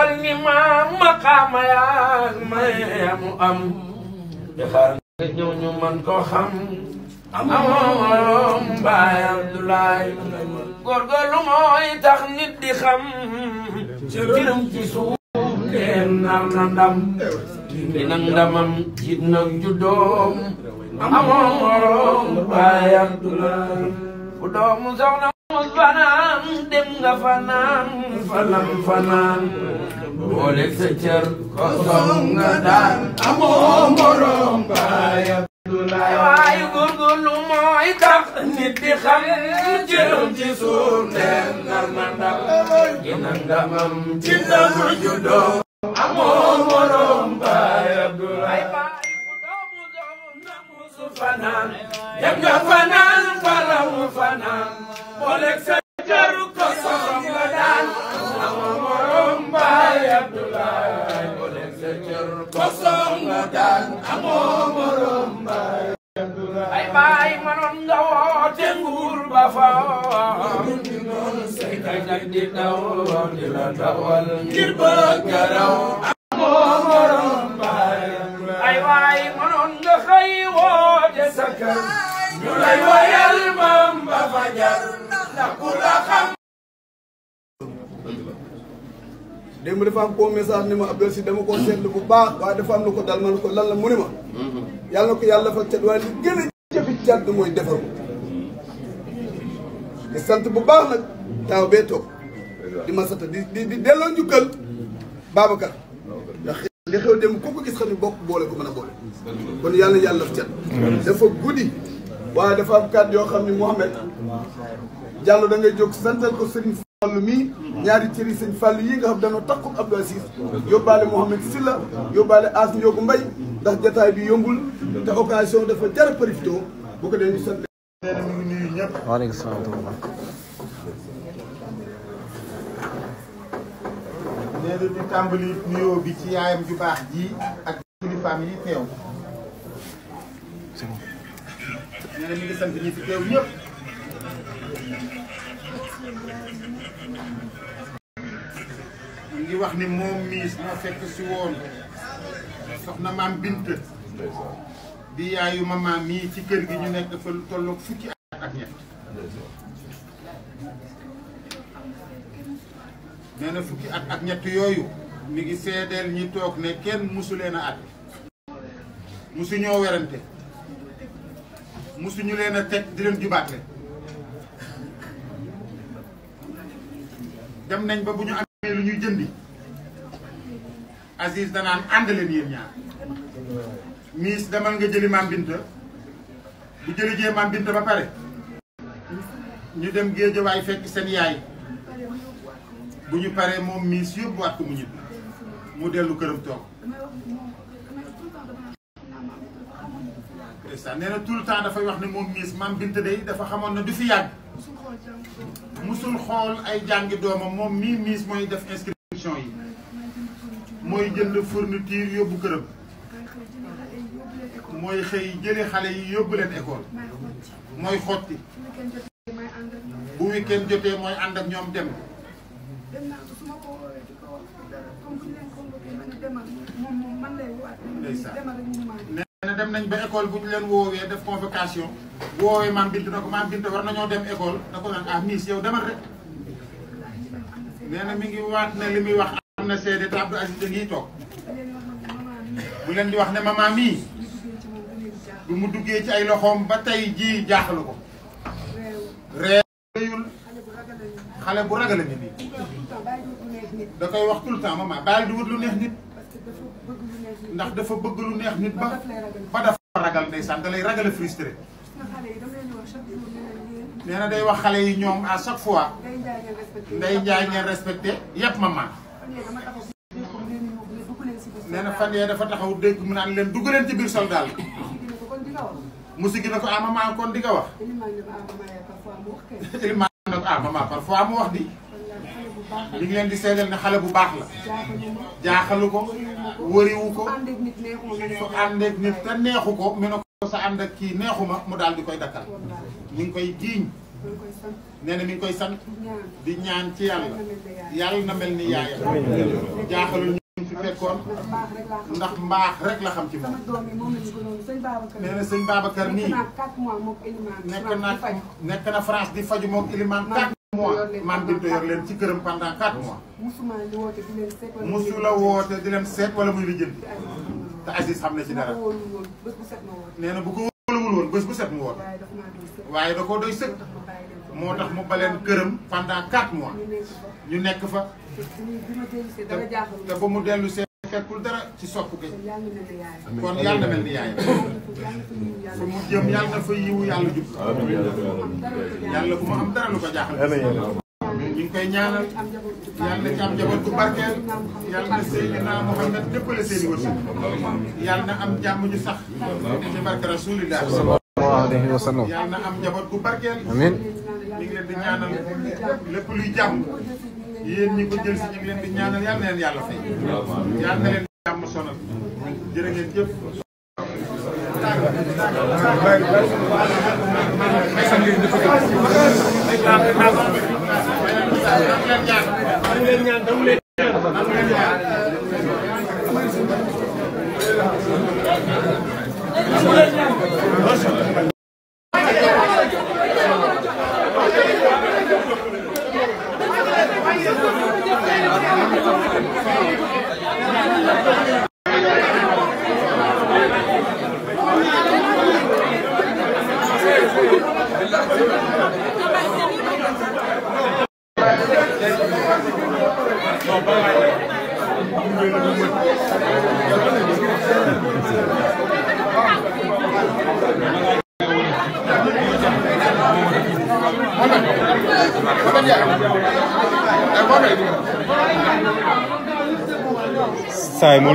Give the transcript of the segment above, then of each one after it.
xool ni maam maqaama yaag mayamu am di xaar nga ñëw ñu man ko xam amoom mbaay Abdoulaay góorgóorlu mooy tax di xam jërëm ci suuf leen nar na ndam di nag ndamam jiit nag juddoom amoom mbaay Abdoulaay bu doomu soxna mu fanaan dem nga fanaan fanaan boo lekk sa cër ko song nga daan amoo morom baay Abdoulaye waaye góorgóorlu mooy tax nit di xam jërëm ci suuf ndeen na ndam gi na ndamam ci nanu juddoo amoo dong nga daan amoo morom mbaay ay baay manoon nga woote nguur ba faaw di noon say nag di daw di la dawal ngir bëgg nga raw amoo morom mbaay ay waay manoon nga xëy woote sa kër ñu lay wayal maam ba fajar na ku la démb dafa am koo message ni ma Abdou si dama koo seetlu bu baax waaye dafa am lu ko dal man ko lan la mu ni ma yàlla na ko yàlla fa cat waaye li gën a jafe cat mooy defar ko di sant bu baax nag taaw bee toog di ma sant di di di delloo njukkal Babacar ndax li xew démb ku gis xam ne bokk boole ko mën a boole kon yàlla yàlla def cat dafa guddi waaye dafa am kàddu yoo xam ne Mouhamed Diallo da ngay jóg santal ko Serigne Fallou mii ñaari cëri sëñ Fallou yi nga xam dañoo takku Abdou Aziz yóbbaale Mouhamed Silla yóbbaale As Ndiogu Mbaye ndax jataay bi yombul te occasion dafa jar a profité bu ko dee ñu sant leen mu ngi nuyu ñëpp waaleykum bi ci yaayam ju ji ak kilifaam yi teew nee na ngi sant ñi fi teew ñëpp ñu ngi wax ni moom miis moo fekk si woon soxna maam bint di yaayu maman mii ci kër gi ñu nekk dafa lu tolloog fukki at ak ñett nee fukki ak ñett yooyu mi ngi seedeel ñi toog ne kenn musu leen a at musu ñoo werante musu ñu leen a teg di leen jubaat dem nañ ba bu ñu amee lu ñu jëndi Aziz danaan ànd leen yéen ñaar miis demal nga jëli maam Binta bu jëli jee maam ba pare ñu dem géejawaay fekk seen yaay bu ñu paree moom miis yóbbuwaat ko mu ñibbi mu dellu këram toog ndeysaan nee le temps dafay wax ne moom miis maam Binta dafa xamoon na du fi yàgg mosul xool ay jàngi doomam moom mii miis mooy def inscription yi mooy jënd fourniture yóbbu këram mooy xëy jëli xale yi yóbbu leen école mooy xotti bu weekend jotee mooy ànd ñoom dem ndeysaan dem nañ ba école bu ñu leen woowee def convocation woowee maam Bintu na ko maam Bintu war nañoo dem école da ko naan ah miss yow demal rek nee na mi ngi waat na li muy wax am na seede te Abdou Aziz da ngiy toog mu leen di wax ne maman mii du mu duggee ci ay loxoom ba tey ji jaaxlu ko réeyul xale bu ragal a ngi nii da koy wax tout le temps maman bàyyi du wut lu neex nit ndax dafa bëgg lu neex nit ba ba dafa ragal ndeysaan da lay ragal a frustré na day wax xale yi ñoom à chaque fois nday njaay ngeen respecté yépp ma man nee fan yee dafa taxaw dégg mu naan leen dugg leen ci biir soldat bi musigi na ko ah maman kon di nga wax ilimaan na ah, ko ah maman parfois mu wax di li ngi leen di seedeel ne xale bu baax la jaaxalu ko wëriwu ko su àndeek nit ko mu ne ko sa ànd kii neexuma mu daal di koy dakkal ñu ngi koy jiiñ nee na mi di ñaan ci yàlla yàlla na mel ni yaayam jaaxalu ñu fi fekkoon rek la xam ci moom nee na sëñ Babacar nii nekk na nekk na France di faju moom ilimaan mois maam Binta yor leen ci këram pendant quatre mois. musu la woote di leen seet wala muy lijjanti. te Aziz xam na ci dara. nee na bu ko wóoluwul woon bés bu set mu woote. waaye da koo doy sëkk. moo tax mu baleen këram pendant quatre mois. ñu nekk fa. te ba mu dellu see. tekkul dara ci sopp gi kon yàlla mel ni yaay fu mu jëm yàlla fa yiwu yàlla jub yàlla bu mu am dara lu ko jaaxal ñu koy ñaanal yàlla na jaboot bu barkeel yàlla na Seydina Muhammad am jàmm ju sax ci barke ñu ñaanal lépp luy jàmm yéen ñi ko jël si ñu ngi leen di ñaanal yàlla na leen yàlla fay. yàlla na leen jàmm sonal. jërë ngeen jëf. leen ñaan saa yi moo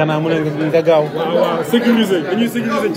xanaa mu ne nga gaaw. waaw waaw sécuriser dañuy sécuriser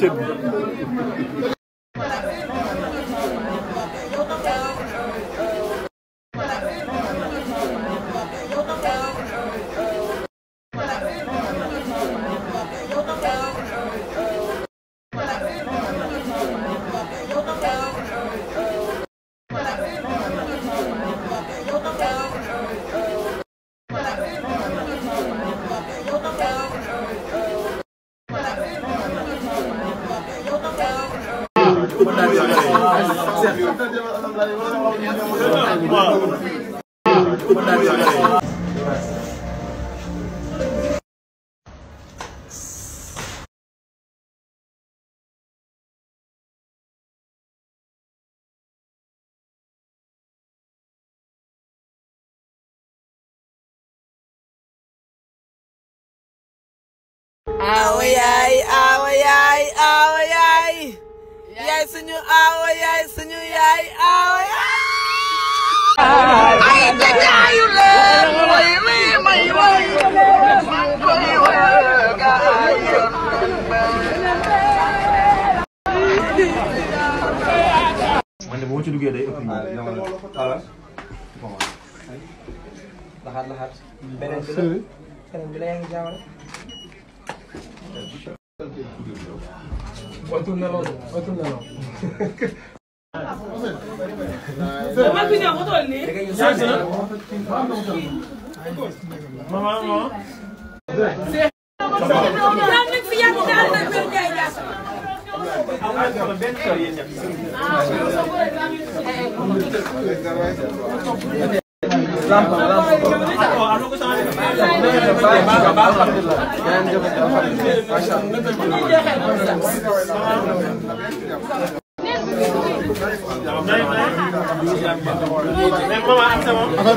suñu aawo yaay suñu yaay aawo yaay ay jajaayu leen way wi may way man koy wëgaayoon man de boo ci duggee day ëpp ñu xaaral ah, laxaat laxaat beneen bi la beneen bi la yaa ngi jaawale Otu nelaw otu nelaw. Dama ko ñëw mu toll nii. Mama mama. Daan nag fi yàgg daal nag wér ngay jàpp. Ah, affaire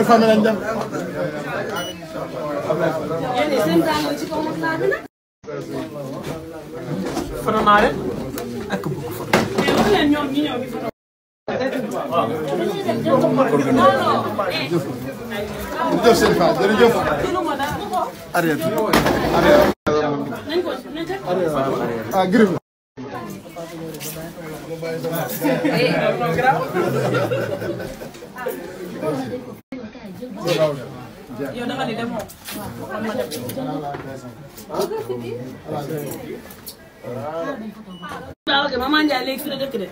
famille lañ dem. foto naa leen ak bëgg foto. waaw. jërëjëf sëñ Fall jërëjëf. arrière bi arrière. ah gërëm. yow da nga ni demoo. waaw ok maman Ndiaye léegi fi la dëkk de.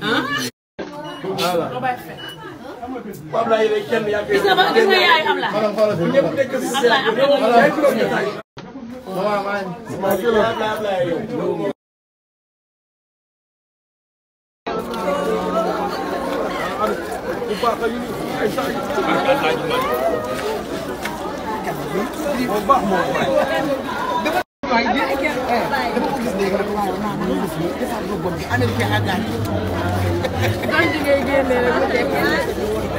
ah. bu Ablaye lay kenn yàggee. gis nga ba gis nga yaay Ablaye. ñëpp nekk si seen Ablaye bu baax moo waaye bi eh, dama ko gis léegi rek waaw naa ko gis nii defaat ko bopp bi Amérique ak Gane. donc ngay génne rek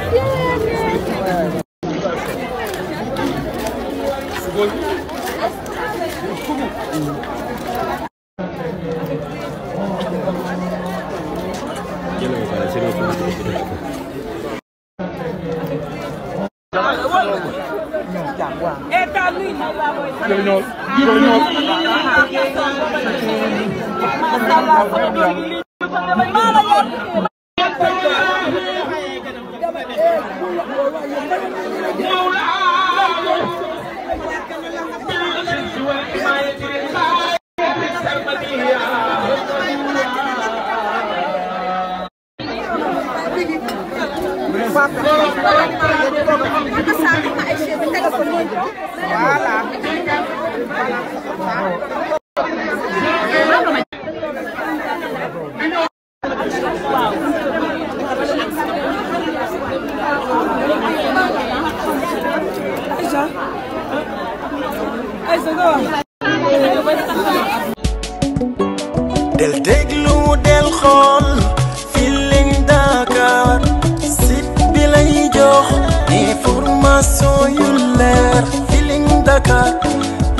su del del xool Feeling Dakar site jox information yu leer Feeling Dakar